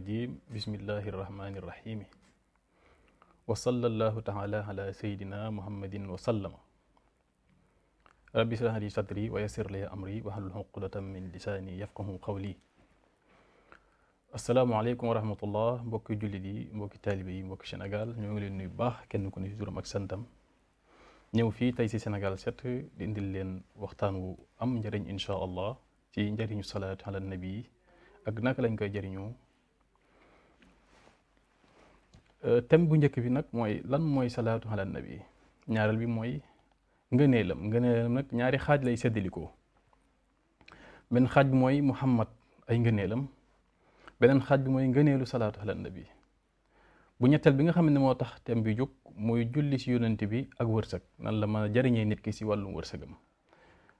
الرجيم بسم الله الرحمن الرحيم وصلى الله تعالى على سيدنا محمد وسلم رب اشرح لي صدري ويسر لي امري واحلل عقدة من لساني يفقه قولي asalaamaaleykum wa rahmatullah mbokki yi mbokki taalibe yi mbokki Sénégal ngi leen nuyu baax kenn ku ne si ak santam ñëw fii tey si Sénégal set di indil leen waxtaan wu am njëriñ incha allah ci njariñu salaatu ala nabi ak naka lañ koy jëriñoo Euh, thème bu njëkk bi nag mooy lan mooy salaatu ala nabi ñaareel bi mooy ngëneelam ngëneelam nag ñaari xaaj lay séddalikoo benn xaaj bi mooy Muhammad ay ngëneelam beneen xaaj bi mooy ngëneelu salaatu ala nabi bu ñetteel bi nga xam ne moo tax thème bi jóg muy julli ci yonent bi ak wërsëg nan la mën a jariñee nit ki si wàllum wërsëgam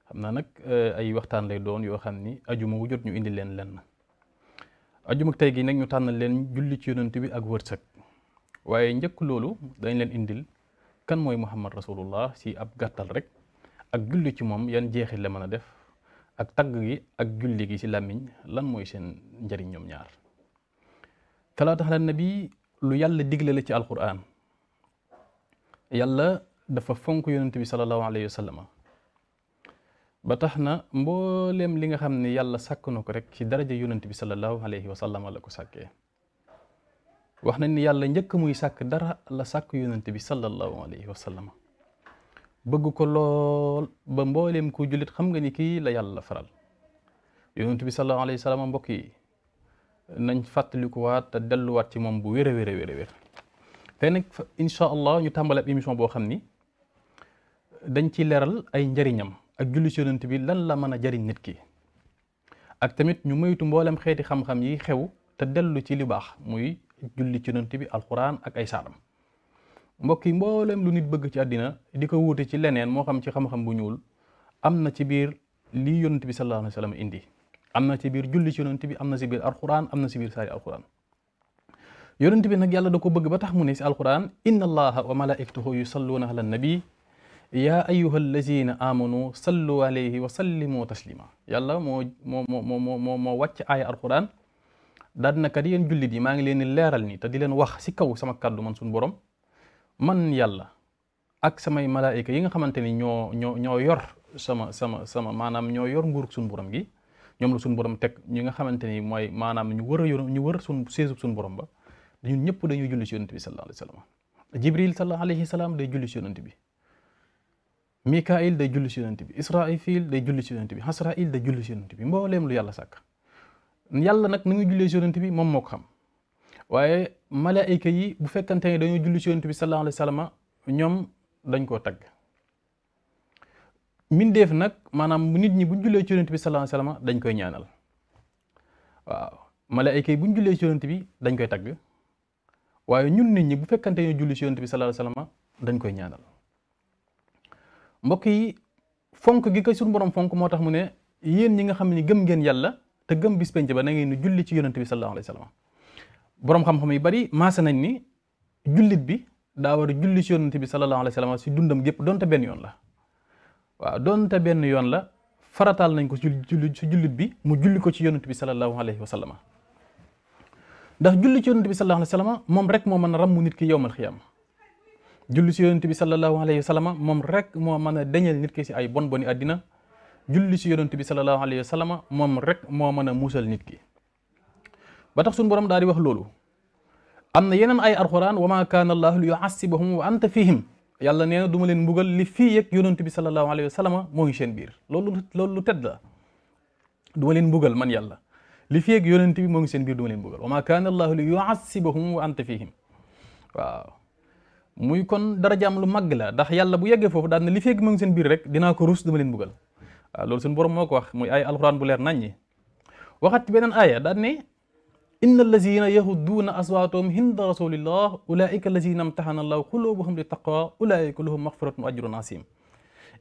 xam naa nag euh, ay waxtaan lay doon yoo xam ni ajuma wu jot ñu indi leen lenn ajuma tey gi nag ñu tànnal leen julli ci yonent bi ak wërsëg waaye njëkk loolu dañ leen indil kan mooy muhammad rasulullah si ab gàttal rek ak julli ci moom yan jeexit la mën a def ak tagg gi ak julli gi ci làmmiñ lan mooy seen njëriñ ñoom ñaar talaata ala nabi lu yàlla digle la ci alquran yàlla dafa fonk yonent bi salallahu alayhi wa sallama ba tax na mbooleem li nga xam ne yàlla sàkk na ko rek ci daraja yonent bi salallahu alayhi wa sallama la ko sàkkee wax nañ ni yàlla njëkk muy sàkk dara la sàkk yonent bi sallallahu alayhi wa sallam bëgg ko lool ba mboolem ku jullit xam nga ni kii la yàlla faral yonent bi sallallahu alayhi mbokk yi nañ fàttalikuwaat te delluwaat ci moom bu wér a wér a wér a nag incha allah ñu tàmbale ab émission boo xam ni dañ ci leeral ay njariñam ak julli ci yonent bi lan la mën a jariñ nit ki ak tamit ñu moytu mboolem xeeti xam-xam yi xew te dellu ci li baax muy julli ci yonent bi alxuraan ak ay saaram mbokk yi mboolem lu nit bëgg ci àddina di ko wuute ci leneen moo xam ci xam-xam bu ñuul am na ci biir lii yonent bi sallallahu alayhi wa indi am na ci biir bi am na ci biir alxuraan am na ci biir saari alxuraan yonent bi nag yàlla da ko bëgg ba tax mu ne si alquran inna allaha wa malaikatahu yusalluuna ala nabi yaa ayuha allazina amanu sallu alayhi wa sallimu taslima yàlla moo moo moo moo daal na kat yéen jullit yi maa ngi leen di leeral ni te di leen wax si kaw sama kàddu man suñu borom man yàlla ak samay malaayika yi nga xamante ni ñoo ñoo ñoo yor sama sama sama maanaam ñoo yor nguurug suñu borom gi ñoom la suñu borom teg ñi nga xamante ni mooy maanaam ñu wër a yor ñu wër suñu séesub suñu borom ba ñun ñëpp dañuy julli si yonent bi sallallahu alayhi wa sallam jibril salaam alayhi wa sallam day julli si yonent bi mikail day julli si yonent bi israfil day julli si yonent bi hasrail day julli si yonent bi mbooleem lu yàlla sàkk yàlla nag na muy jullee ci yonent bi moom moo ko xam waaye malaayika yi bu fekkante ne dañoo julli ci yonent bi sallallahu alayhi wa ñoom dañ koo tagg mindeef nag maanaam nit ñi buñ jullee ci bi sallallahu alayhi dañ koy ñaanal waaw malaayika yi buñ jullee ci bi dañ koy tagg waaye ñun nit ñi bu fekkante ne julli bi sallallahu alayhi dañ koy ñaanal mbokk yi fonk gi ka suñu borom fonk moo tax mu ne yéen ñi nga xam ni gëm ngeen yàlla te gëm bis penc ba na ngeen di julli ci yonent bi sallallahu alayhi wa sallam borom xam-xam yu bari maase nañ ni jullit bi daa war a julli ci yonent bi sallallahu alayhi wa sallam si dundam gépp donte benn yoon la waaw donte benn yoon la farataal nañ ko ci jullit bi mu julli ko ci yonent bi sallallahu alayhi wa sallam ndax julli ci yonent bi sallallahu alayhi wa sallam moom rek moo mën a ràmm nit ki yowmal xiyaam julli ci yonent bi sallallahu alayhi wa sallam moom rek moo mën a dañal nit ki si ay bon boni àddina julli ci yonent bi sallallahu alayhi wa moom rek moo mën a muusal nit ki ba tax suñu borom daal di wax loolu am na yenen ay alxuraan wa maa kaana allaahu li yu'azzibahum wa anta fihim yàlla nee na du leen mbugal li fii yëg yonent bi sallallahu alayhi wa sallam moo ngi seen biir loolu loolu lu tedd la leen mbugal man yàlla li fii yëg yonent bi moo ngi seen biir du ma leen kaana allaahu li yu'azzibahum wa anta fihim waaw muy kon darajaam lu màgg la ndax yàlla bu yeggee foofu daal na li feeg mu ngi seen rek dina ko rus dama leen buggal Ah, loolu suñu borom moo ko wax muy ay alxuraan bu leer naññi waxat ci beneen aaya daan ne inna allazina yahudduuna aswaatahum hinda rasulillah ulaika allazina amtaxana allahu qulubuhum li taqwa ulaika lahum maxfiratun wa ajrun asim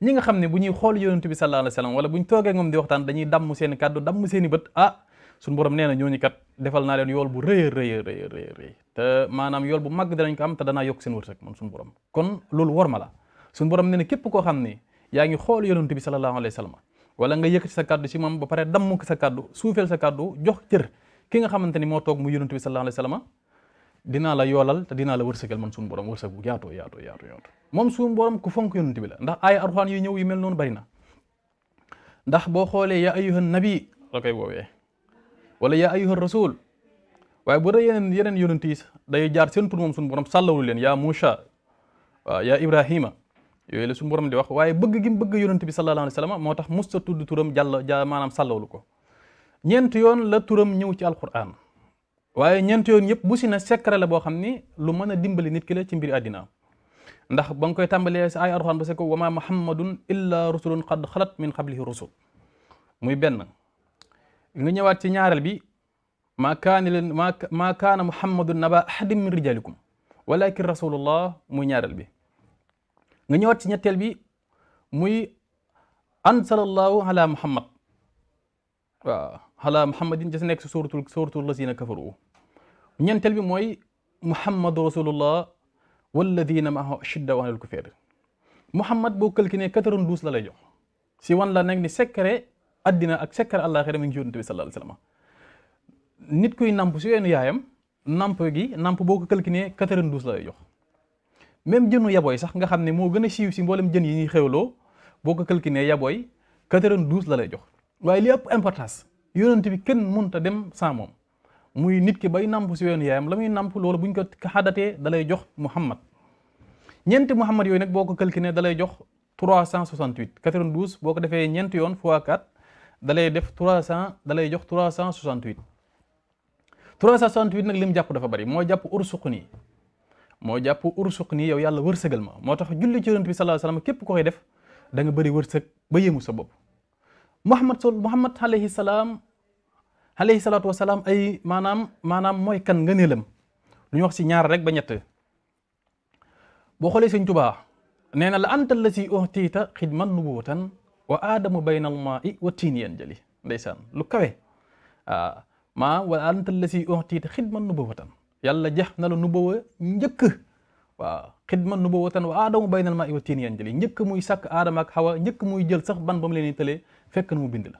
ñi nga xam ne bu ñuy xool yonent bi sallallahu alayhi wa sallam wala bu toogee moom di waxtaan dañuy damm seen kàddu damm seen i bët ah suñu nee na ñooñu kat defal naa leen yool bu rëy a rëy maanaam yool bu màgg danañ ko am te danaa yokk seen wërsëg man suñu borom kon loolu wor ma la suñu borom nee na képp koo xam ni yaa ngi xool yonent bi sallallahu alayhi wa sallam wala nga yëkkati sa kàddu ci moom ba pare damm sa kàddu suufeel sa kàddu jox cër ki nga xamante ni moo toog mu yonent bi sallallahu alayhi wa sallam dinaa la yoolal te dinaa la wërsëgal man suñu borom wërsëg bu yaatoo yaatoo yaatoo moom suñu borom ku fonk yonent bi la ndax ay arxaan yu ñëw yu mel noonu bari na ndax boo xoolee yaa ayyuhan nabi la ya woowee wala yaa ayyuhan rasul waaye bu dee yeneen yeneen day jaar seen tur moom suñu borom sàllawu leen yaa Muusa waaw yaa Ibrahima yooyu la suñu borom di wax waaye bëgg gi mu bëgg yonent bi sallallahu alayhi wa sallam moo tax musta tudd turam jàll ja maanaam sàllawlu ko ñeent yoon la turam ñëw ci alquran waaye ñeent yoon yëpp bu si ne secret la boo xam ni lu mën a dimbali nit ki la ci mbir àddina ndax ba nga koy tàmbalee si ay alquran ba se ko wa ma muhammadun illa rusulun qad xalat min qablihi rusul muy benn nga ñëwaat ci ñaareel bi maa kaani leen maa kaana muhammadun naba ahadin min rijalikum walakin rasulullah muy ñaareel bi nga ñëwaat ci ñetteel bi muy ansalallahu ala muhammad waaw ala muhammadin ci nekk si suratul si lazina kafaru ñeenteel bi mooy muhammadu rasulullah walladina maahu ashidda wa alal kufar muhammad boo kël ki ne 92 la lay jox si wan la nekk ni secret addina ak secret àllaaxira mi ngi yonent bi sallallahu nit kuy namp si weenu yaayam namp gi namp boo ko kël ki ne 92 la lay jox même jënu yaboy sax nga xam ne moo gën a siiw si mboolem jën yi ñuy loo boo ko calculé yaboy 92 la lay jox waaye li ëpp importance yonent bi kenn mun ta dem sans moom muy nit ki bay namp si yoonu yaayam la muy namp loolu ñu ko xadatee da lay jox Muhammad ñeenti Muhammad yooyu nag boo ko calculé da lay jox 368 92 boo ko defee ñeenti yoon fois 4 da lay def 300 da lay jox 368 368 nag lim jàpp dafa bari moo jàpp ursuquni moo jàpp ursuq ni yow yàlla wërsëgal ma moo tax julli ci yonent bi sallallahu alayhi wasallam képp ko koy def danga bari bëri wërsëg ba yéemu sa bopp muhammad sol muhammad alayhi salaam alayhi salaatu wasalaam ay maanaam maanaam mooy kan nga neelam lu ñu wax si ñaar rek ba ñett boo xoolee sëñ tubaa nee na la anta la si uhtiita xidman nubuwatan wa aadamu bayna almaai wa tiin yan jëli ndeysaan lu kawe ah, maa wa anta la si uhtiita xidman nubuwatan yàlla jeex na la nubuwa njëkk waaw xidma nubuwatan wa aadamu baynal maa'i wa tiin yanjali njëkk muy sàkk aadama ak xawa njëkk muy jël sax ban ba mu leen tëlee fekk na mu bind la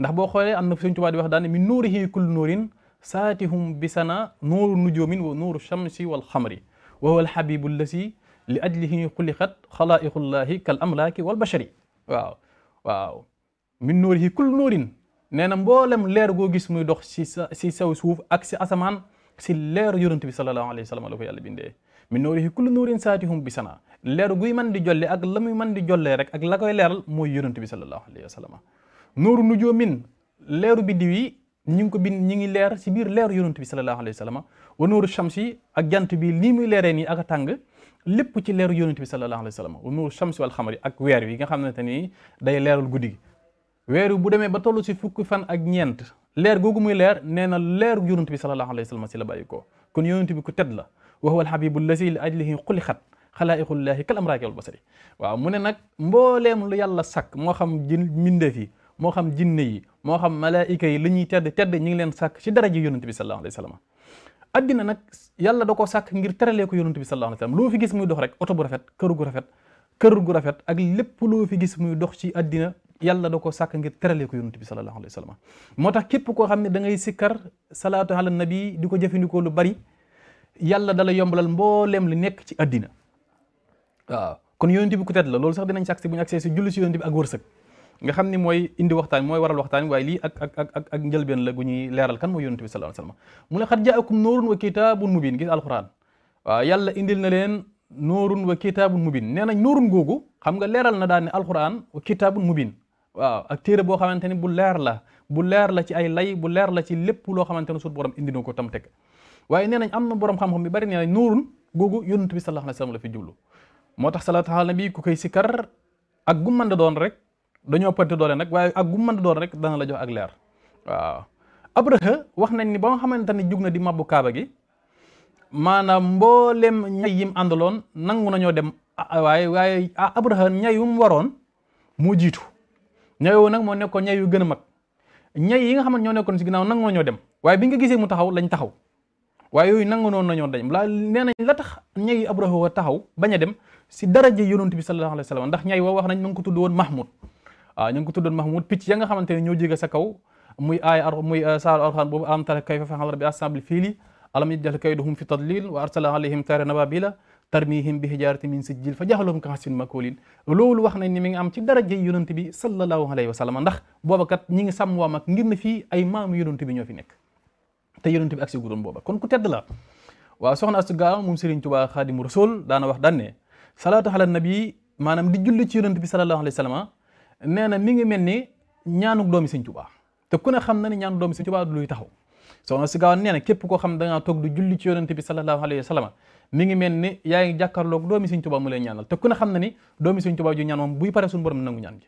ndax boo xoolee am na Sëriñ Tuubaa di wax daane min nuurihi kullu nuurin saatihum bi sana nuuru nujumin wa nuuru shamsi wal xamri wa huwa alxabibu allasi li ajlihi xuliqat xalaa'iqullaahi kal amlaaki wal bashari waaw waaw min nuurihi kullu nuurin nee na mboolem leer goo gis muy dox si sa si saw suuf ak si asamaan si leeru yonent bi sallallahu alayhi wa sallam la ko yàlla bindee min nuurihi kullu nuurin saatihum bi sana leeru guy mën di jolle ak la muy mën di jollee rek ak la koy leeral mooy yonent bi sallallahu alayhi wa sallam nuuru nujoomin leeru biddiw ngi ko bind ñi ngi leer si biir leeru yonent bi sallallahu alayhi wa sallam wa nuuru shamsi ak jant bi nii muy leeree nii ak tàng lépp ci leeru yonent bi sallallahu alayhi wa sallam wa nuuru shamsi wal xamari ak weer wi nga xamante ni day leeral guddi gi weer wi bu demee ba toll si fukki fan ak ñeent leer googu muy leer nee na leer yonent bi sallallahu alayhi wa sallam si la bàyyi ko kon yonent bi ku tedd la wa huwa alhabibu allazi li ajlihi xulixat xalaaiqullaahi kal amraaki wal basari waaw mu ne nag mbooleem lu yàlla sàkk moo xam jin mbindeef yi moo xam jinne yi moo xam malaayika yi li ñuy tedd tedd ñi ngi leen sàkk ci daraja yonent bi sallallahu alayhi wa sallam addina nag yàlla da koo sàkk ngir teralee ko yonent bi sallallahu alayhi wa loo fi gis muy dox rek oto bu rafet kër gu rafet kër gu rafet ak lépp loo fi gis muy dox ci addina yàlla da ko sàkk ngir teralee ko yonent bi sallallahu alayhi wa sallam moo tax képp koo xam ne da ngay sikkar salaatu ala nabi di ko jëfandikoo lu bari yalla dala yombalal mbooleem li nekk ci addina waaw kon yonent bi ku tedd la loolu sax dinañ sàkk si bu ñu agsee si julli si yonent bi ak wërsëg nga xam ni mooy indi waxtaan mooy waral waxtaan waay lii ak ak ak ak la gu ñuy leeral kan mooy yonent bi sallallahu alayhi wa sallam mu ne xat jaakum noorun wa kitaabun mubin gis alquran waaw yàlla indil na leen noorun wa kitaabun mubin nee nañ noorun googu xam nga leeral na daan ne alquran wa kitaabun mubin waaw ak téere boo xamante ni bu leer la bu leer la ci ay lay bu leer la ci lépp loo xamante ne suñu borom indi ko tam teg waaye nee nañ am na boroom xam-xam bi bari nee nañ nuurun googu yonent bi sallallahu alayhi wa sallam la fi jublu moo tax salaatu ala nabi ku koy sikkar ak gu mën da doon rek dañoo pënte doole nag waaye ak gu mën da doon rek dana la jox ak leer waaw Abraha wax nañ ni ba nga xamante ni jug na di mabbu kaaba gi maanaam mboolem ñay yim àndaloon nangu nañoo dem waaye waaye Abraha ñay yum waroon moo jiitu ña woowu nag moo nekkoon ñay yu gën mag ñay yi nga xam ne ñoo nekkoon si ginnaaw nangoo ñoo dem waaye bi nga gisee mu taxaw lañ taxaw waaye yooyu nangu noonu nañoo dañ la nee la tax ñay Abraha taxaw bañ a dem si daraje yonent bi sallallahu alayhi wa sallam ndax ñay woo wax nañ ñu ngi tudd woon Mahmoud waaw ñu ngi ko tudd woon Mahmoud picc ya nga xamante ne ñoo jóge sa kaw muy aaya muy euh, saaru alxuraan boobu alam tara kayfa fa'ala rabbuka bi ashabil fiil alam yaj'al kaydahum tarmihim bi hijarati min sijjil fa jaxalahum kahasin makulin loolu wax na ni mi ngi am ci daraje yonent bi sallallahu alayhi wa sallam ndax booba kat ñi ngi sàmm waa mag ngir na fii ay maamu yonent bi ñoo fi nekk te yonent bi ak si gudoon booba kon ku tedd la waaw soxna Astu Gaaw moom Serigne Touba Xaadimu Rasul daana wax daan ne salaatu ala nabi maanaam di julli ci yonent bi sallallahu alayhi wa nee na mi ngi mel ni ñaanuk doomi Serigne Touba te ku ne xam na ne ñaanuk doomi Serigne Touba luy taxaw soxna Astu Gaaw nee koo xam da ngaa toog du julli ci yonent bi sallallahu alayhi wa mi ngi mel ni yaa ngi jàkkaarloog doomi Sëriñ Tuubaa mu lay ñaanal te ku ne xam na ni doomi Sëriñ Tuubaa ju ñaan moom buy pare suñu borom nangu ñaan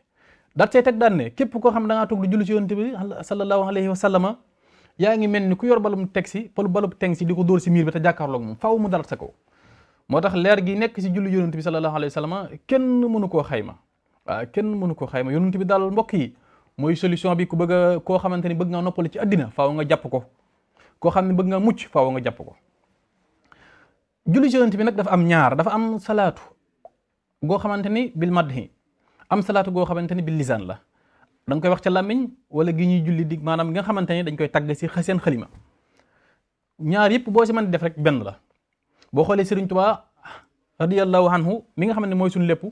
képp koo xam da ngaa toog lu julli ci yonent bi sallallahu alayhi wa yaa ngi mel ni ku yor balum teg si palu balub teg si di ko dóor si miir bi te jàkkaarloog moom faaw mu dalat moo tax leer gi nekk si julli yonent bi sallallahu alayhi wa sallama kenn mënu koo xayma waaw kenn mënu koo xayma yonent bi daal mbokk yi mooy solution bi ku bëgg koo xamante ni bëgg ngaa noppali ci addina faaw nga jàpp ko koo xam ne bëgg ngaa mucc faaw nga jàpp ko julli ci yonent bi nag dafa am ñaar dafa am salaatu goo xamante ni bil madhi am salaatu goo xamante ni bil lisaan la da koy wax ca làmmiñ wala gi ñuy julli di maanaam nga xamante ni dañ koy tagg si seen xalima ñaar yëpp boo si mën def rek benn la boo xoolee Serigne Touba radiyallahu anhu mi nga xam ne mooy suñu lépp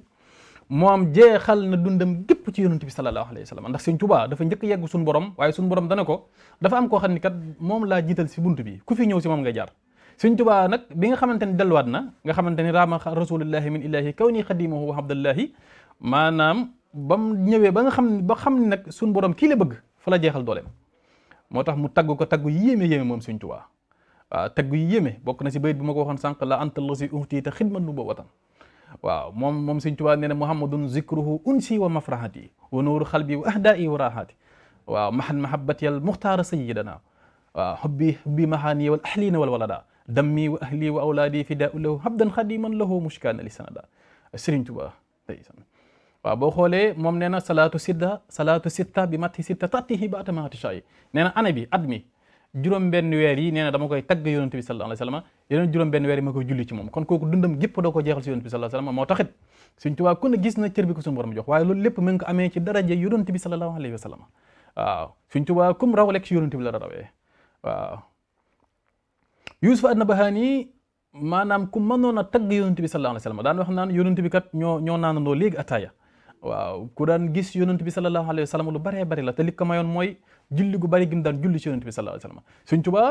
moom jeexal na dundam gépp ci yonent bi sallallahu alayhi wa sallam ndax Serigne Touba dafa njëkk yegg suñu borom waaye suñu borom dana ko dafa am koo xam ni moom laa jiital bunt bi ku fi ñëw si moom nga jaar Sëñ Tuubaa nag bi nga xamante ni delluwaat na nga xamante ni raama rasulillahi min illahi kaw nii xadimahu wa abdallahi maanaam ba mu ñëwee ba nga xam ba xam ni nag suñ borom kii la bëgg fa la jeexal dooleem moo tax mu tagg ko tagg yéeme yéeme moom Sëñ Tuubaa waaw tagg yu yéeme bokk na si bayit bi ma ko waxoon sànq la anta lasi uxtiita xidman nu ba watan waaw moom moom Sëñ Tuubaa nee na muhammadun zikruhu unsi wa mafrahati wa nuuru xalbi wa ahdaai wa raahati waaw mahan mahabbati al muxtaara sayidana waaw xubbi xubbi mahaaniya wal ahlina wal walada dammi wa ahli wa awlaadi fidaau lahu habdan xadiman lahu mushkaana li sanada sëriñ Tuba ndeysaan boo xoolee moom nee na salaatu sidda salaatu sitta bi matti sitta tatihi ba atamaati shay nee na année bi at mi juróom benn weer yi nee na dama koy tagg yonent bi sallallahu alayhi wasallam yeneen juróom benn weer yi ma ko jeexal si yonent bi sallallahu moo Tuba ku gis na cër bi ko suñu borom jox waaye loolu lépp mi ngi ko amee ci daraja yonent bi sallallahu alayhi wasallam waaw Tuba kum raw si yonent bi la rawee waaw Youssouf Annabahani maanaam ku mënoon a tagg yonent bi sallallahu alayhi wa daan wax naan yonent bi kat ñoo ñoo naanandoo léegi ataaya waaw ku daan gis yonent bi sallallahu alayhi wa sallam lu bëree bëri la te li ko mayoon mooy julli gu bëri gi mu daan julli si yonent bi sallallahu alayhi wa sallam Sëriñ Tuubaa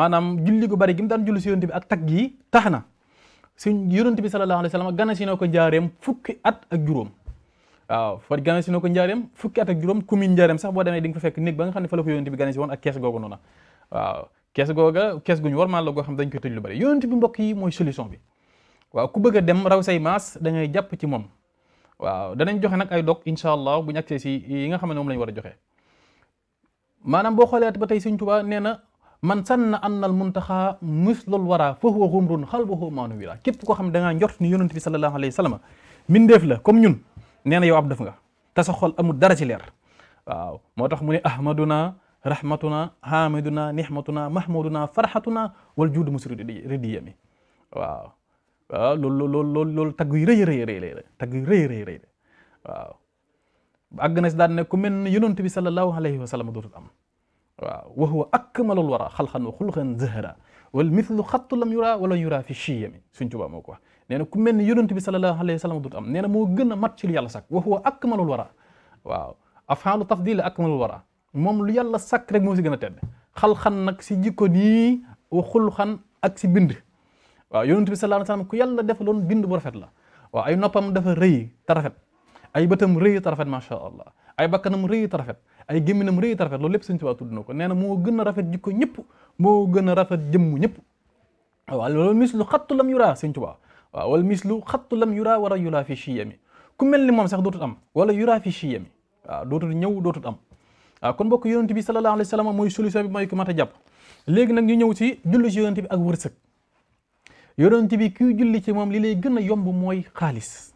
maanaam julli gu bëri gi mu daan julli si yonent bi ak tagg yi tax na suñ bi sallallahu alayhi wa sallam ko njaareem fukki at ak juróom waaw fa gana si na ko boo demee di nga fa fekk kees googa kees gu ñu warmaal la goo xam dañ koy tëj lu bari yonent bi mbokk mooy solution bi waaw ku bëgg dem raw say maas da ngay jàpp ci moom waaw danañ joxe nag ay dog incha allah bu ñu si yi nga xam ne moom la war a joxe maanaam boo xoolee ba tey Sëñ Tuubaa nee na man sanna anna al muntaxa muslul wara fa huwa xumrun xalbuhu maanu wila képp koo xam ne da ngaa njort ni yonent bi sallallahu alayhi wa sallam mindeef la comme ñun nee na yow nga te sa xol amul dara ci leer waaw moo tax mu rahmatuna hamiduna nihmatuna mahmuduna farhatuna wal juudu musri ridiyami waaw waaw loolu loolu loolu loolu tagg yu rëy rëy rëy rëy la tagg yu rëy rëy rëy la waaw àgg na si daan ne ku mel ne yonent bi sallallahu alayhi wa sallam dootul am waaw wa huwa akmalul wara xalxan wa xulxan zahra wal mithlu xattu lam yura wala yura fi chiyami suñ tubaa moo ko wax nee na ku mel ne yonent bi sallallahu alayhi wa sallam dootul am nee na moo gën a mat ci lu yàlla sax wa huwa akmalul wara waaw afaalu tafdil akmalul wara moom lu yàlla sàkk rek moo si gën a tedd xal-xan nag si jikko nii wa xul xan ak si bind waaw yonent bi sallallahu alayhi wasallam ku def defaloon bind bu rafet la waaw ay noppam dafa rëy te rafet ay bëtam rëy te rafet macha allah ay bakkanam rëy te rafet ay gémminam rëy te rafet loolu lépp Sëñ Tuubaa tudd na ko nee na moo gën a rafet jikko ñëpp moo gën a rafet jëmm ñëpp waaw loolu mislu xattu lam yuraa Sëñ Tuubaa waaw wala mislu xattu lam yuraa wara yuraa fi chiyami ku mel ni moom sax dootut am wala yuraa fi chiyami ñëw dootut am waaw ah, kon mbokk yonent bi sallallahu alayhi wa sallam mooy solution bi mooy ku mat a jàpp léegi nag ñu ñëw ci julli ci yonent bi ak wërsëg yonent bi kuy julli ci moom li lay gën a yomb mooy xaalis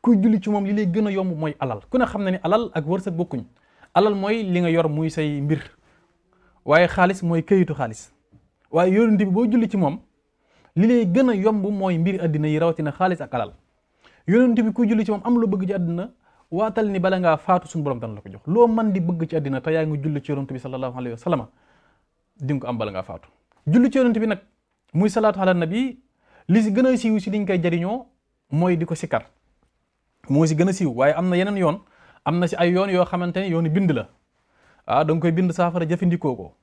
kuy julli ci moom li lay gën a yomb mooy alal ku ne xam na ne alal ak wërsëg bokkuñ alal mooy li nga yor muy say mbir waaye xaalis mooy këyitu xaalis waaye yonent bi boo julli ci moom li lay gën a yomb mooy mbir àddina yi rawatina xaalis ak alal yonent bi kuy julli ci moom am lu bëgg ci àddina waatal ni bala ngaa faatu suñu borom dana la ko jox loo man di bëgg ci àddina te yaa ngi julli ci yonent bi sallallahu alayhi wa sallam di nga ngaa faatu julli ci yonent bi nag muy salaatu ala nabi li si gën a siiw si liñ koy jariñoo mooy di ko sikkar moo si gën a siiw waaye am na yeneen yoon am na si ay yoon yoo xamante ne yoonu bind la ah da koy bind saafara jëfandikoo ko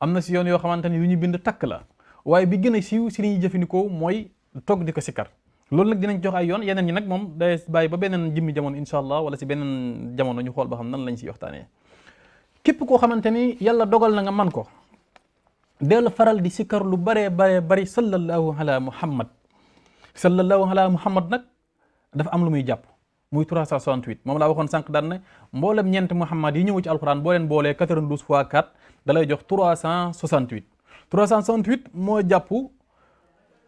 am na si yoon yoo xamante ne yu ñu bind takk la waaye bi gën a siiw si li ñuy jëfandikoo mooy toog di ko sikkar loolu nag dinañ jox ay yoon yeneen ñi nag moom day bàyyi ba beneen jëmmi jamono incha allah wala si beneen jamono ñu xool ba xam nan lañ si waxtaanee képp koo xamante ni yàlla dogal na nga man ko del faral di sikkar lu baree bare bari sallallahu ala muhammad sallallahu ala muhammad nag dafa am lu muy jàpp muy 368 moom la waxoon sànq daan ne mboolem ñeent muhammad yi ñëw ci alquran boo leen boolee 92 fois 4 da lay jox 368 368 moo jàpp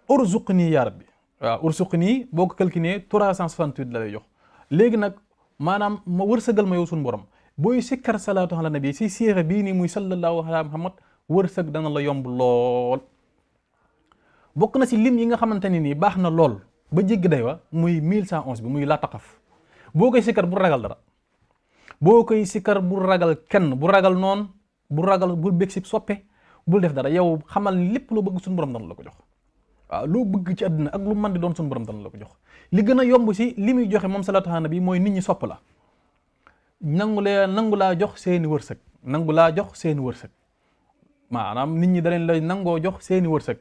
urzuqni ya rabbi waaw ursuq nii boo ko calculé 368 la lay jox léegi nag maanaam war wërsëgal ma yow suñu borom booy sikkar salaatu ala nabi si siira bii nii muy sallallahu ala muhammad wërsëg dana la yomb lool bokk na si lim yi nga xamante ne nii baax na lool ba jéggi day wa muy 1111 bi muy laa taqaf boo koy sikkar bu ragal dara boo koy sikkar bu ragal kenn bu ragal noon bu ragal bu bég si soppe bu def dara yow xamal lépp loo bëgg suñu borom dana la ko jox waaw loo bëgg ci àdduna ak lu mën di doon suñu borom dana la ko jox li gën a yomb si li muy joxe moom salaatu ala nabi mooy nit ñi sopp la nangu lee nangu laa jox seeni wërsëg nangu laa jox seeni wërsëg maanaam nit ñi da leen la nangoo jox seeni wërsëg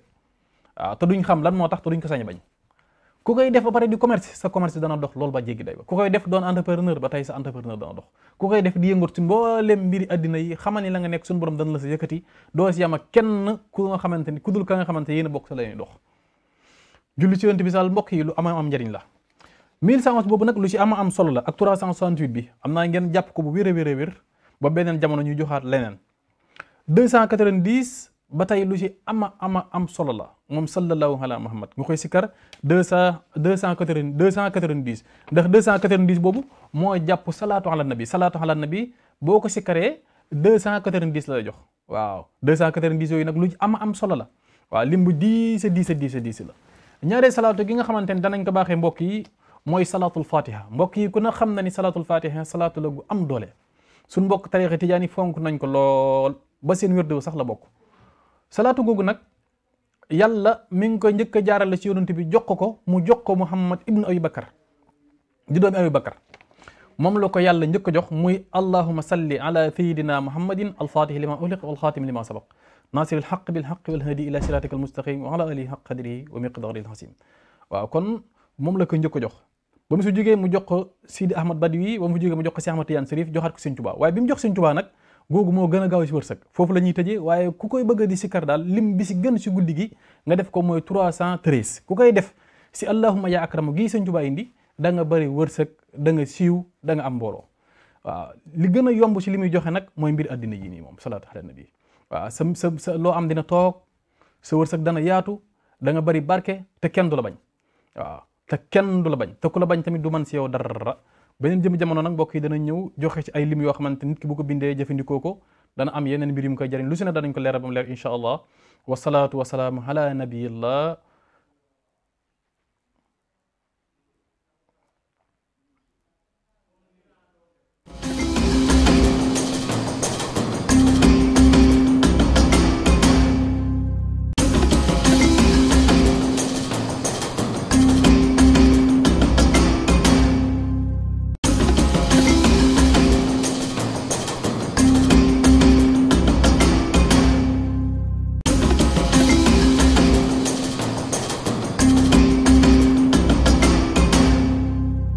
waaw te duñ xam lan moo tax te duñ ko sañ bañ ku koy def ba pare ku koy def doon entrepreneur ba tey sa entrepreneur dana dox ku koy def di yëngat si mboolem mbiri addina yi xamal la nga nekk suñu borom dana la sa yëkkati doo si yam kenn ku nga xamante ni ku dul ka nga xamante yéen bokk sa la dox julli ci yonent bi saal mbokk yi lu ama am njariñ la 1111 boobu nag lu ci ama am solo la ak 368 bi am naa ngeen jàpp ko bu wér a wér beneen jamono ñuy joxaat leneen 290 ba tey lu ci ama ama am solo la moom sallallahu ala muhammad nga koy sikkar 200 290 290 ndax 290 boobu moo jàpp salaatu ala nabi salaatu ala nabi boo ko sikkaree 290 la la jox waaw 290 yooyu nag lu ci ama am solo la waaw lim bu diis a diis la ñaaree salaatu gi nga xamante ni danañ ko baaxee mbokk yi mooy salaatul fatiha mbokk yi ku ne xam na ni salaatul fatiha salaatu la am doole suñ mbokk tariixa tijaani fonk nañ ko lool ba seen wérdu sax la bokk salaatu googu nag yàlla mi ngi koy njëkk a jaarale ci yonent bi jox ko mu jox ko Muhammad ibnu Abi Bakar di doomi Abi Bakar moom la ko yàlla njëkk a jox muy allahuma salli ala sayidina muhammadin alfaatihi lima uliq walxaatimi lima sabaq naasiril xaq bil xaq wal hadi ila siratika al mustaqim wa ala alihi waaw kon moom la ko njëkk jox ba mu si jógee mu jox ko Sidi Ahmad Badawi ba mu jógee mu jox si Ahmad Tijaan Sërif joxaat ko Sëñ Tuubaa waaye bi mu jox Sëñ Tuubaa nag googu moo gën a gaaw si wërsëg la ñuy tëjee waaye ku koy bëgg di sikkar daal lim bi si gën si guddi gi nga def ko mooy 313 ku koy def si allahuma ya akramu gii Sëñ Tuubaa indi da nga bëri wërsëg da nga siiw danga nga mbooloo waaw li gën a yomb si li muy joxe nag mooy mbir addina yi nii moom salaatu ala nabi waaw sa sa sa loo am dina toog sa sag dana yaatu da nga bari barke te kenn du la bañ waaw te kenn du la bañ te ku la bañ tamit du man si yow dara beneen jëm jamono nag mbokk yi dana ñëw joxe ci ay lim yoo xamante nit ki bu ko bindee jëfandikoo ko dana am yeneen mbir yu mu koy jëriñ lu si ne danañ ko leeral ba mu leer incha allah wasalaatu wasalaam ala nabiyillah